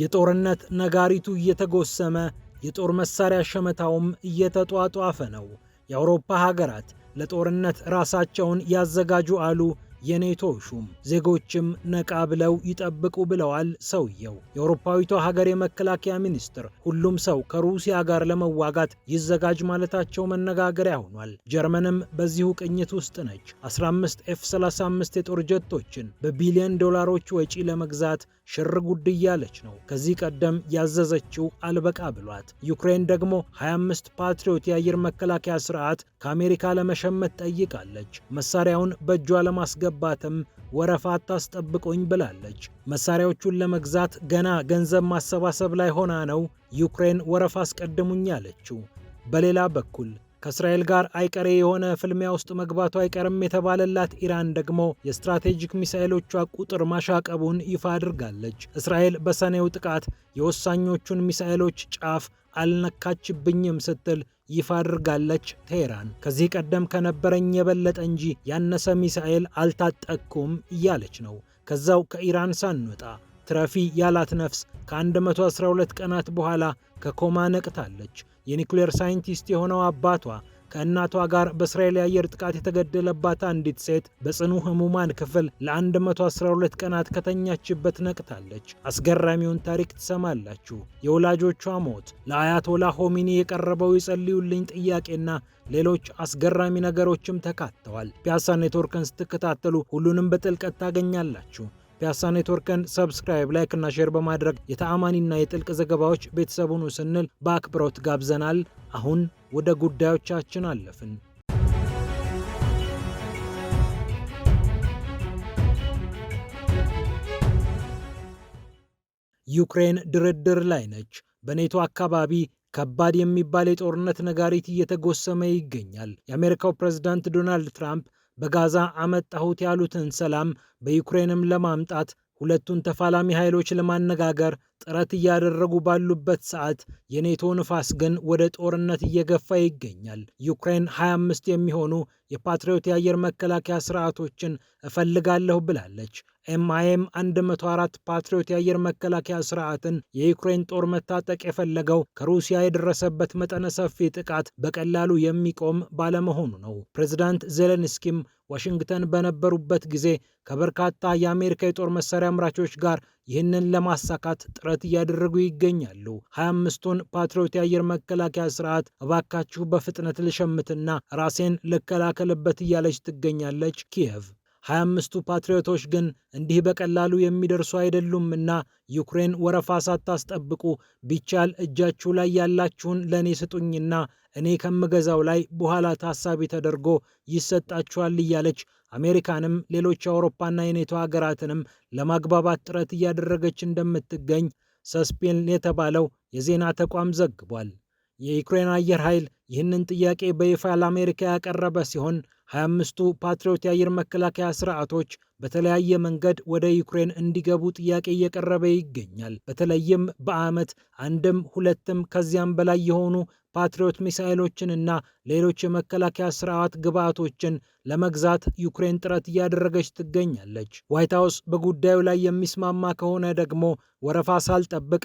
የጦርነት ነጋሪቱ እየተጎሰመ የጦር መሳሪያ ሸመታውም እየተጧጧፈ ነው። የአውሮፓ ሀገራት ለጦርነት ራሳቸውን ያዘጋጁ አሉ የኔቶ ሹም ዜጎችም ነቃ ብለው ይጠብቁ ብለዋል ሰውየው። የአውሮፓዊቷ ሀገር የመከላከያ ሚኒስትር ሁሉም ሰው ከሩሲያ ጋር ለመዋጋት ይዘጋጅ ማለታቸው መነጋገሪያ ሆኗል። ጀርመንም በዚሁ ቅኝት ውስጥ ነች። 15 ኤፍ 35 የጦር ጀቶችን በቢሊዮን ዶላሮች ወጪ ለመግዛት ሽር ጉድ እያለች ነው። ከዚህ ቀደም ያዘዘችው አልበቃ ብሏት፣ ዩክሬን ደግሞ 25 ፓትሪዮት የአየር መከላከያ ስርዓት ከአሜሪካ ለመሸመት ጠይቃለች። መሳሪያውን በእጇ ለማስገባ የለባትም፣ ወረፋ አታስጠብቁኝ ብላለች። መሳሪያዎቹን ለመግዛት ገና ገንዘብ ማሰባሰብ ላይ ሆና ነው ዩክሬን ወረፋ አስቀድሙኝ ያለችው። በሌላ በኩል ከእስራኤል ጋር አይቀሬ የሆነ ፍልሚያ ውስጥ መግባቱ አይቀርም የተባለላት ኢራን ደግሞ የስትራቴጂክ ሚሳኤሎቿ ቁጥር ማሻቀቡን ይፋ አድርጋለች። እስራኤል በሰኔው ጥቃት የወሳኞቹን ሚሳኤሎች ጫፍ አልነካችብኝም ስትል ይፋ አድርጋለች ቴህራን። ከዚህ ቀደም ከነበረኝ የበለጠ እንጂ ያነሰ ሚሳኤል አልታጠቅኩም እያለች ነው። ከዛው ከኢራን ሳንወጣ ትረፊ ያላት ነፍስ ከ112 ቀናት በኋላ ከኮማ ነቅታለች። የኒውክሌር ሳይንቲስት የሆነው አባቷ ከእናቷ ጋር በእስራኤል የአየር ጥቃት የተገደለባት አንዲት ሴት በጽኑ ህሙማን ክፍል ለ112 ቀናት ከተኛችበት ነቅታለች። አስገራሚውን ታሪክ ትሰማላችሁ። የወላጆቿ ሞት፣ ለአያቶላ ሆሚኒ የቀረበው የጸልዩልኝ ጥያቄና ሌሎች አስገራሚ ነገሮችም ተካተዋል። ፒያሳ ኔትወርክን ስትከታተሉ ሁሉንም በጥልቀት ታገኛላችሁ። ፒያሳ ኔትወርክን ሰብስክራይብ፣ እና ሼር በማድረግ የተአማኒና የጥልቅ ዘገባዎች ቤተሰቡን ስንል በአክብሮት ጋብዘናል። አሁን ወደ ጉዳዮቻችን አለፍን። ዩክሬን ድርድር ላይ ነች። በኔቶ አካባቢ ከባድ የሚባል የጦርነት ነጋሪት እየተጎሰመ ይገኛል። የአሜሪካው ፕሬዝዳንት ዶናልድ ትራምፕ በጋዛ አመጣሁት ያሉትን ሰላም በዩክሬንም ለማምጣት ሁለቱን ተፋላሚ ኃይሎች ለማነጋገር ጥረት እያደረጉ ባሉበት ሰዓት የኔቶ ንፋስ ግን ወደ ጦርነት እየገፋ ይገኛል። ዩክሬን 25 የሚሆኑ የፓትሪዮት የአየር መከላከያ ስርዓቶችን እፈልጋለሁ ብላለች። ኤምአይኤም 104 ፓትሪዮት የአየር መከላከያ ስርዓትን የዩክሬን ጦር መታጠቅ የፈለገው ከሩሲያ የደረሰበት መጠነ ሰፊ ጥቃት በቀላሉ የሚቆም ባለመሆኑ ነው። ፕሬዚዳንት ዜሌንስኪም ዋሽንግተን በነበሩበት ጊዜ ከበርካታ የአሜሪካ የጦር መሳሪያ አምራቾች ጋር ይህንን ለማሳካት ጥረት እያደረጉ ይገኛሉ። 25ቱን ፓትሪዮት የአየር መከላከያ ስርዓት እባካችሁ በፍጥነት ልሸምትና ራሴን ልከላከልበት እያለች ትገኛለች ኪየቭ። 25ቱ ፓትሪዮቶች ግን እንዲህ በቀላሉ የሚደርሱ አይደሉምና ዩክሬን ወረፋ ሳታስጠብቁ ቢቻል እጃችሁ ላይ ያላችሁን ለእኔ ስጡኝና እኔ ከምገዛው ላይ በኋላ ታሳቢ ተደርጎ ይሰጣችኋል እያለች አሜሪካንም ሌሎች የአውሮፓና የኔቶ ሀገራትንም ለማግባባት ጥረት እያደረገች እንደምትገኝ ሰስፔን የተባለው የዜና ተቋም ዘግቧል። የዩክሬን አየር ኃይል ይህንን ጥያቄ በይፋ ለአሜሪካ ያቀረበ ሲሆን 25ቱ ፓትሪዮት የአየር መከላከያ ስርዓቶች በተለያየ መንገድ ወደ ዩክሬን እንዲገቡ ጥያቄ እየቀረበ ይገኛል። በተለይም በዓመት አንድም ሁለትም ከዚያም በላይ የሆኑ ፓትሪዮት እና ሌሎች የመከላከያ ስርዓት ግብዓቶችን ለመግዛት ዩክሬን ጥረት እያደረገች ትገኛለች። ዋይት ሀውስ በጉዳዩ ላይ የሚስማማ ከሆነ ደግሞ ወረፋ ሳልጠብቅ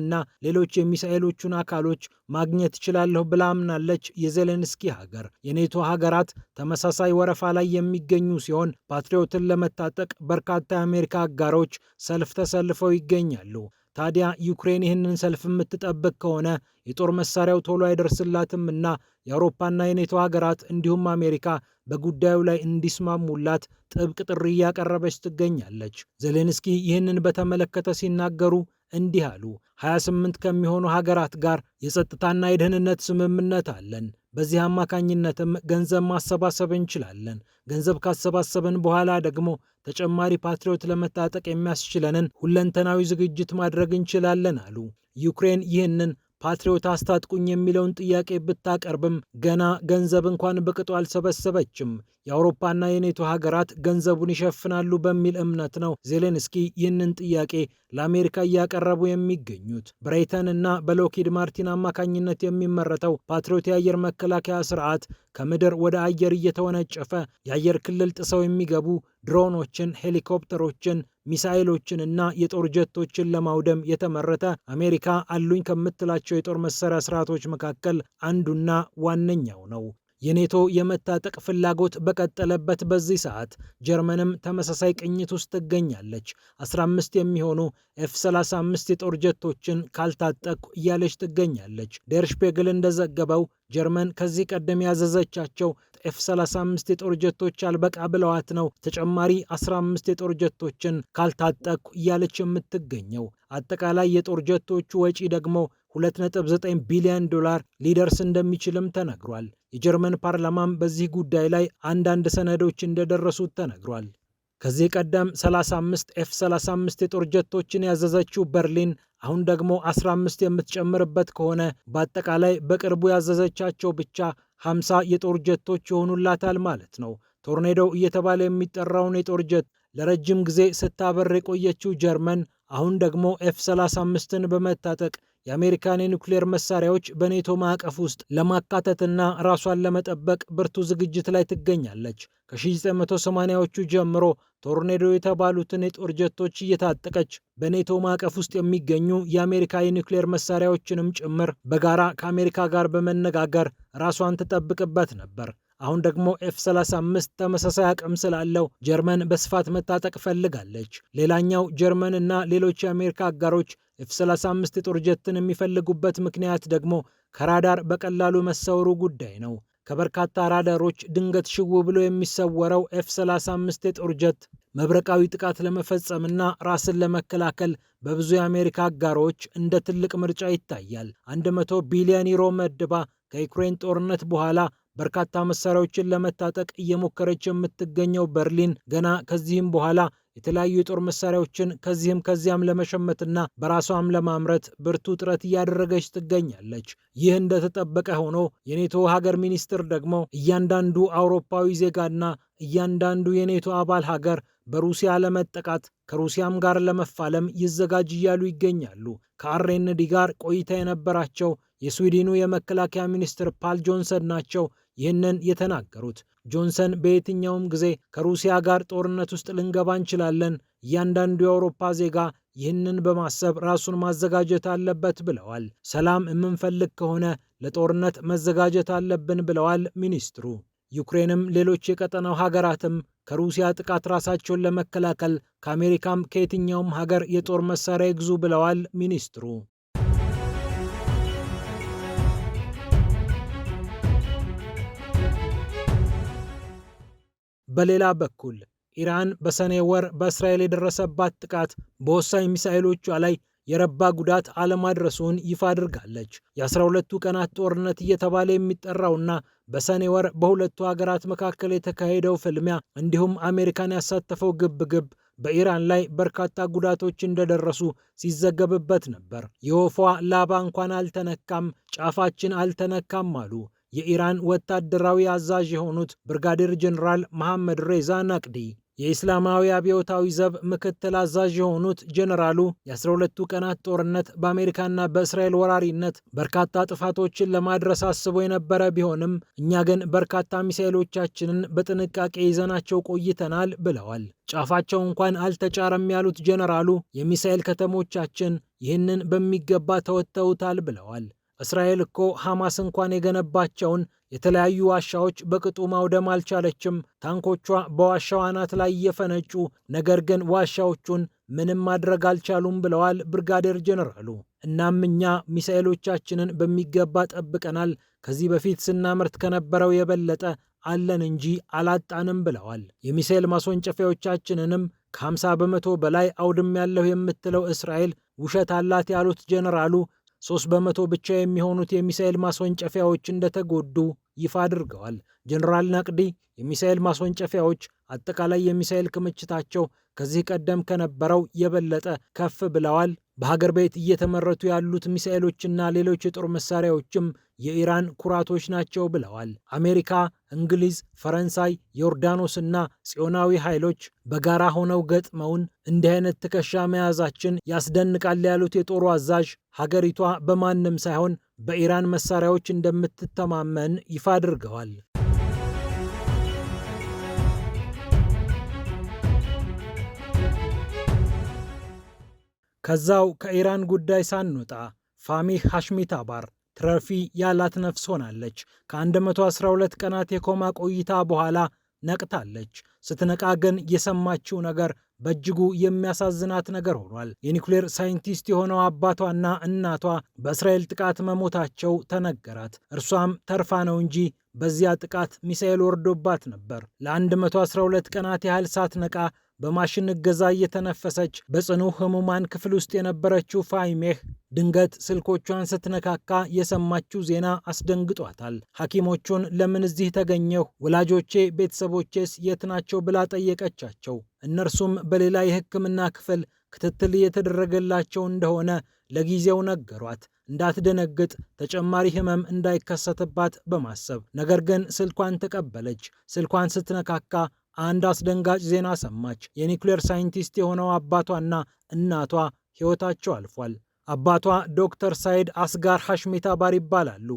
እና ሌሎች የሚሳይሎቹን አካሎች ማግኘት እችላለሁ ብላ አምናለች። የዜሌንስኪ ሀገር የኔቶ ሀገራት ተመሳሳይ ወረፋ ላይ የሚገኙ ሲሆን ፓትሪዮት ሽጉጥን ለመታጠቅ በርካታ የአሜሪካ አጋሮች ሰልፍ ተሰልፈው ይገኛሉ። ታዲያ ዩክሬን ይህንን ሰልፍ የምትጠብቅ ከሆነ የጦር መሳሪያው ቶሎ አይደርስላትም እና የአውሮፓና የኔቶ ሀገራት እንዲሁም አሜሪካ በጉዳዩ ላይ እንዲስማሙላት ጥብቅ ጥሪ እያቀረበች ትገኛለች። ዜሌንስኪ ይህንን በተመለከተ ሲናገሩ እንዲህ አሉ። 28 ከሚሆኑ ሀገራት ጋር የጸጥታና የደህንነት ስምምነት አለን። በዚህ አማካኝነትም ገንዘብ ማሰባሰብ እንችላለን። ገንዘብ ካሰባሰብን በኋላ ደግሞ ተጨማሪ ፓትሪዮት ለመታጠቅ የሚያስችለንን ሁለንተናዊ ዝግጅት ማድረግ እንችላለን አሉ። ዩክሬን ይህንን ፓትሪዮት አስታጥቁኝ የሚለውን ጥያቄ ብታቀርብም ገና ገንዘብ እንኳን በቅጡ አልሰበሰበችም። የአውሮፓና የኔቶ ሀገራት ገንዘቡን ይሸፍናሉ በሚል እምነት ነው ዜሌንስኪ ይህንን ጥያቄ ለአሜሪካ እያቀረቡ የሚገኙት። ብሬይተን እና በሎኪድ ማርቲን አማካኝነት የሚመረተው ፓትሪዮት የአየር መከላከያ ስርዓት ከምድር ወደ አየር እየተወነጨፈ የአየር ክልል ጥሰው የሚገቡ ድሮኖችን፣ ሄሊኮፕተሮችን፣ ሚሳይሎችን እና የጦር ጀቶችን ለማውደም የተመረተ አሜሪካ አሉኝ ከምትላቸው የጦር መሳሪያ ስርዓቶች መካከል አንዱና ዋነኛው ነው። የኔቶ የመታጠቅ ፍላጎት በቀጠለበት በዚህ ሰዓት ጀርመንም ተመሳሳይ ቅኝት ውስጥ ትገኛለች። 15 የሚሆኑ ኤፍ 35 የጦር ጀቶችን ካልታጠቅኩ እያለች ትገኛለች። ደርሽፔግል እንደዘገበው ጀርመን ከዚህ ቀደም ያዘዘቻቸው ኤፍ 35 የጦር ጀቶች አልበቃ ብለዋት ነው ተጨማሪ 15 የጦር ጀቶችን ካልታጠቅኩ እያለች የምትገኘው። አጠቃላይ የጦር ጀቶቹ ወጪ ደግሞ 2.9 ቢሊዮን ዶላር ሊደርስ እንደሚችልም ተነግሯል። የጀርመን ፓርላማም በዚህ ጉዳይ ላይ አንዳንድ ሰነዶች እንደደረሱት ተነግሯል። ከዚህ ቀደም 35 ኤፍ 35 የጦር ጀቶችን ያዘዘችው በርሊን አሁን ደግሞ 15 የምትጨምርበት ከሆነ በአጠቃላይ በቅርቡ ያዘዘቻቸው ብቻ 50 የጦር ጀቶች ይሆኑላታል ማለት ነው። ቶርኔዶ እየተባለ የሚጠራውን የጦር ጀት ለረጅም ጊዜ ስታበር የቆየችው ጀርመን አሁን ደግሞ ኤፍ 35ን በመታጠቅ የአሜሪካን የኒውክሌር መሳሪያዎች በኔቶ ማዕቀፍ ውስጥ ለማካተትና ራሷን ለመጠበቅ ብርቱ ዝግጅት ላይ ትገኛለች። ከ1980ዎቹ ጀምሮ ቶርኔዶ የተባሉትን የጦር ጀቶች እየታጠቀች በኔቶ ማዕቀፍ ውስጥ የሚገኙ የአሜሪካ የኒውክሌር መሳሪያዎችንም ጭምር በጋራ ከአሜሪካ ጋር በመነጋገር ራሷን ትጠብቅበት ነበር። አሁን ደግሞ ኤፍ 35 ተመሳሳይ አቅም ስላለው ጀርመን በስፋት መታጠቅ ፈልጋለች። ሌላኛው ጀርመን እና ሌሎች የአሜሪካ አጋሮች ኤፍ35 ጦር ጀትን የሚፈልጉበት ምክንያት ደግሞ ከራዳር በቀላሉ መሰወሩ ጉዳይ ነው። ከበርካታ ራዳሮች ድንገት ሽው ብሎ የሚሰወረው ኤፍ35 የጦር ጀት መብረቃዊ ጥቃት ለመፈጸምና ራስን ለመከላከል በብዙ የአሜሪካ አጋሮች እንደ ትልቅ ምርጫ ይታያል። 100 ቢሊዮን ዩሮ መድባ ከዩክሬን ጦርነት በኋላ በርካታ መሳሪያዎችን ለመታጠቅ እየሞከረች የምትገኘው በርሊን ገና ከዚህም በኋላ የተለያዩ የጦር መሳሪያዎችን ከዚህም ከዚያም ለመሸመትና በራሷም ለማምረት ብርቱ ጥረት እያደረገች ትገኛለች። ይህ እንደተጠበቀ ሆኖ የኔቶ ሀገር ሚኒስትር ደግሞ እያንዳንዱ አውሮፓዊ ዜጋና እያንዳንዱ የኔቶ አባል ሀገር በሩሲያ ለመጠቃት ከሩሲያም ጋር ለመፋለም ይዘጋጅ እያሉ ይገኛሉ። ከአርኤንዲ ጋር ቆይታ የነበራቸው የስዊድኑ የመከላከያ ሚኒስትር ፓል ጆንሰን ናቸው ይህንን የተናገሩት። ጆንሰን በየትኛውም ጊዜ ከሩሲያ ጋር ጦርነት ውስጥ ልንገባ እንችላለን፣ እያንዳንዱ የአውሮፓ ዜጋ ይህንን በማሰብ ራሱን ማዘጋጀት አለበት ብለዋል። ሰላም የምንፈልግ ከሆነ ለጦርነት መዘጋጀት አለብን ብለዋል ሚኒስትሩ። ዩክሬንም ሌሎች የቀጠናው ሀገራትም ከሩሲያ ጥቃት ራሳቸውን ለመከላከል ከአሜሪካም ከየትኛውም ሀገር የጦር መሳሪያ ይግዙ ብለዋል ሚኒስትሩ። በሌላ በኩል ኢራን በሰኔ ወር በእስራኤል የደረሰባት ጥቃት በወሳኝ ሚሳኤሎቿ ላይ የረባ ጉዳት አለማድረሱን ይፋ አድርጋለች። የ12ቱ ቀናት ጦርነት እየተባለ የሚጠራውና በሰኔ ወር በሁለቱ ሀገራት መካከል የተካሄደው ፍልሚያ እንዲሁም አሜሪካን ያሳተፈው ግብግብ በኢራን ላይ በርካታ ጉዳቶች እንደደረሱ ሲዘገብበት ነበር። የወፏ ላባ እንኳን አልተነካም፣ ጫፋችን አልተነካም አሉ የኢራን ወታደራዊ አዛዥ የሆኑት ብርጋዴር ጀኔራል መሐመድ ሬዛ ናቅዲ የኢስላማዊ አብዮታዊ ዘብ ምክትል አዛዥ የሆኑት ጀነራሉ የ12ቱ ቀናት ጦርነት በአሜሪካና በእስራኤል ወራሪነት በርካታ ጥፋቶችን ለማድረስ አስቦ የነበረ ቢሆንም እኛ ግን በርካታ ሚሳኤሎቻችንን በጥንቃቄ ይዘናቸው ቆይተናል ብለዋል። ጫፋቸው እንኳን አልተጫረም ያሉት ጀነራሉ የሚሳኤል ከተሞቻችን ይህንን በሚገባ ተወጥተውታል ብለዋል። እስራኤል እኮ ሐማስ እንኳን የገነባቸውን የተለያዩ ዋሻዎች በቅጡ ማውደም አልቻለችም። ታንኮቿ በዋሻው አናት ላይ እየፈነጩ ነገር ግን ዋሻዎቹን ምንም ማድረግ አልቻሉም ብለዋል ብርጋዴር ጀነራሉ። እናም እኛ ሚሳኤሎቻችንን በሚገባ ጠብቀናል፣ ከዚህ በፊት ስናመርት ከነበረው የበለጠ አለን እንጂ አላጣንም ብለዋል። የሚሳኤል ማስወንጨፊያዎቻችንንም ከ50 በመቶ በላይ አውድም ያለሁ የምትለው እስራኤል ውሸት አላት ያሉት ጀነራሉ ሶስት በመቶ ብቻ የሚሆኑት የሚሳኤል ማስወንጨፊያዎች እንደተጎዱ ይፋ አድርገዋል። ጀኔራል ነቅዲ የሚሳኤል ማስወንጨፊያዎች አጠቃላይ የሚሳኤል ክምችታቸው ከዚህ ቀደም ከነበረው የበለጠ ከፍ ብለዋል። በሀገር ቤት እየተመረቱ ያሉት ሚሳኤሎችና ሌሎች የጦር መሳሪያዎችም የኢራን ኩራቶች ናቸው ብለዋል። አሜሪካ፣ እንግሊዝ፣ ፈረንሳይ፣ ዮርዳኖስ እና ጽዮናዊ ኃይሎች በጋራ ሆነው ገጥመውን እንዲህ አይነት ትከሻ መያዛችን ያስደንቃል ያሉት የጦሩ አዛዥ ሀገሪቷ በማንም ሳይሆን በኢራን መሳሪያዎች እንደምትተማመን ይፋ አድርገዋል። ከዛው ከኢራን ጉዳይ ሳንወጣ ፋሚህ ሐሽሚ ታባር ትረፊ ያላት ነፍስ ሆናለች። ከ112 ቀናት የኮማ ቆይታ በኋላ ነቅታለች። ስትነቃ ግን የሰማችው ነገር በእጅጉ የሚያሳዝናት ነገር ሆኗል። የኒኩሌር ሳይንቲስት የሆነው አባቷና እናቷ በእስራኤል ጥቃት መሞታቸው ተነገራት። እርሷም ተርፋ ነው እንጂ በዚያ ጥቃት ሚሳኤል ወርዶባት ነበር። ለ112 ቀናት ያህል ሳትነቃ በማሽን እገዛ እየተነፈሰች በጽኑ ህሙማን ክፍል ውስጥ የነበረችው ፋይሜህ ድንገት ስልኮቿን ስትነካካ የሰማችው ዜና አስደንግጧታል። ሐኪሞቹን ለምን እዚህ ተገኘሁ? ወላጆቼ ቤተሰቦቼስ የት ናቸው? ብላ ጠየቀቻቸው። እነርሱም በሌላ የሕክምና ክፍል ክትትል እየተደረገላቸው እንደሆነ ለጊዜው ነገሯት። እንዳትደነግጥ ተጨማሪ ህመም እንዳይከሰትባት በማሰብ ነገር ግን ስልኳን ተቀበለች። ስልኳን ስትነካካ አንድ አስደንጋጭ ዜና ሰማች። የኒውክሌር ሳይንቲስት የሆነው አባቷና እናቷ ሕይወታቸው አልፏል። አባቷ ዶክተር ሳይድ አስጋር ሐሽሚታባር ይባላሉ።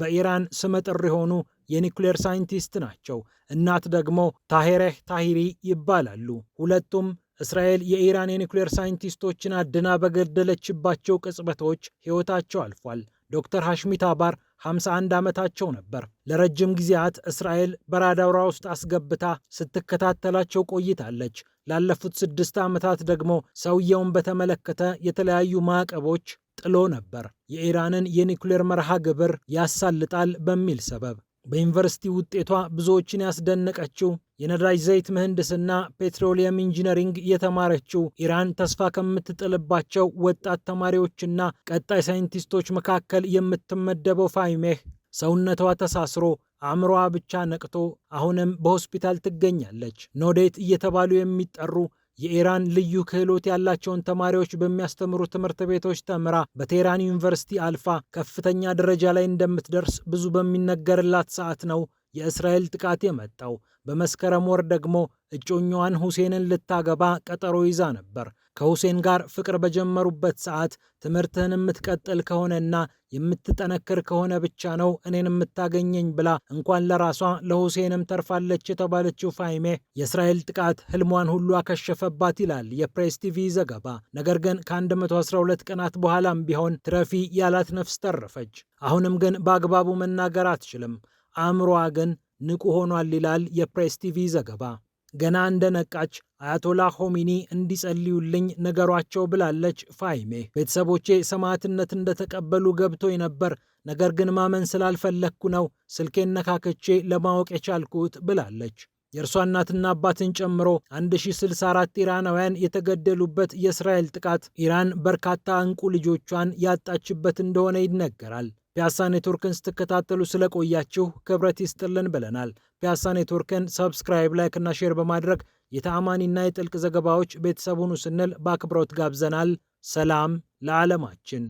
በኢራን ስመጥር የሆኑ የኒውክሌር ሳይንቲስት ናቸው። እናት ደግሞ ታሄሬህ ታሂሪ ይባላሉ። ሁለቱም እስራኤል የኢራን የኒውክሌር ሳይንቲስቶችን አድና በገደለችባቸው ቅጽበቶች ሕይወታቸው አልፏል። ዶክተር ሐሽሚታባር 51 ዓመታቸው ነበር። ለረጅም ጊዜያት እስራኤል በራዳሯ ውስጥ አስገብታ ስትከታተላቸው ቆይታለች። ላለፉት ስድስት ዓመታት ደግሞ ሰውየውን በተመለከተ የተለያዩ ማዕቀቦች ጥሎ ነበር። የኢራንን የኒውክሌር መርሃ ግብር ያሳልጣል በሚል ሰበብ በዩኒቨርሲቲ ውጤቷ ብዙዎችን ያስደነቀችው የነዳጅ ዘይት ምህንድስና ፔትሮሊየም ኢንጂነሪንግ የተማረችው ኢራን ተስፋ ከምትጥልባቸው ወጣት ተማሪዎችና ቀጣይ ሳይንቲስቶች መካከል የምትመደበው ፋይሜህ ሰውነቷ ተሳስሮ አእምሮዋ ብቻ ነቅቶ አሁንም በሆስፒታል ትገኛለች። ኖዴት እየተባሉ የሚጠሩ የኢራን ልዩ ክህሎት ያላቸውን ተማሪዎች በሚያስተምሩ ትምህርት ቤቶች ተምራ በቴህራን ዩኒቨርሲቲ አልፋ ከፍተኛ ደረጃ ላይ እንደምትደርስ ብዙ በሚነገርላት ሰዓት ነው የእስራኤል ጥቃት የመጣው። በመስከረም ወር ደግሞ እጮኛዋን ሁሴንን ልታገባ ቀጠሮ ይዛ ነበር። ከሁሴን ጋር ፍቅር በጀመሩበት ሰዓት ትምህርትህን የምትቀጥል ከሆነና የምትጠነክር ከሆነ ብቻ ነው እኔን የምታገኘኝ ብላ እንኳን ለራሷ ለሁሴንም ተርፋለች የተባለችው ፋይሜ የእስራኤል ጥቃት ህልሟን ሁሉ አከሸፈባት ይላል የፕሬስ ቲቪ ዘገባ። ነገር ግን ከ112 ቀናት በኋላም ቢሆን ትረፊ ያላት ነፍስ ተረፈች። አሁንም ግን በአግባቡ መናገር አትችልም። አእምሯ ግን ንቁ ሆኗል ይላል የፕሬስ ቲቪ ዘገባ። ገና እንደነቃች አያቶላ ሆሚኒ እንዲጸልዩልኝ ነገሯቸው ብላለች ፋይሜ። ቤተሰቦቼ ሰማዕትነት እንደተቀበሉ ገብቶኝ ነበር፣ ነገር ግን ማመን ስላልፈለግኩ ነው ስልኬን ነካክቼ ለማወቅ የቻልኩት ብላለች። የእርሷ እናትና አባትን ጨምሮ 1064 ኢራናውያን የተገደሉበት የእስራኤል ጥቃት ኢራን በርካታ እንቁ ልጆቿን ያጣችበት እንደሆነ ይነገራል። ፒያሳ ኔትወርክን ስትከታተሉ ስለቆያችሁ ክብረት ይስጥልን ብለናል። ፒያሳ ኔትወርክን ሰብስክራይብ፣ ላይክ ና ሼር በማድረግ የተአማኒና የጥልቅ ዘገባዎች ቤተሰቡኑ ስንል በአክብሮት ጋብዘናል። ሰላም ለዓለማችን።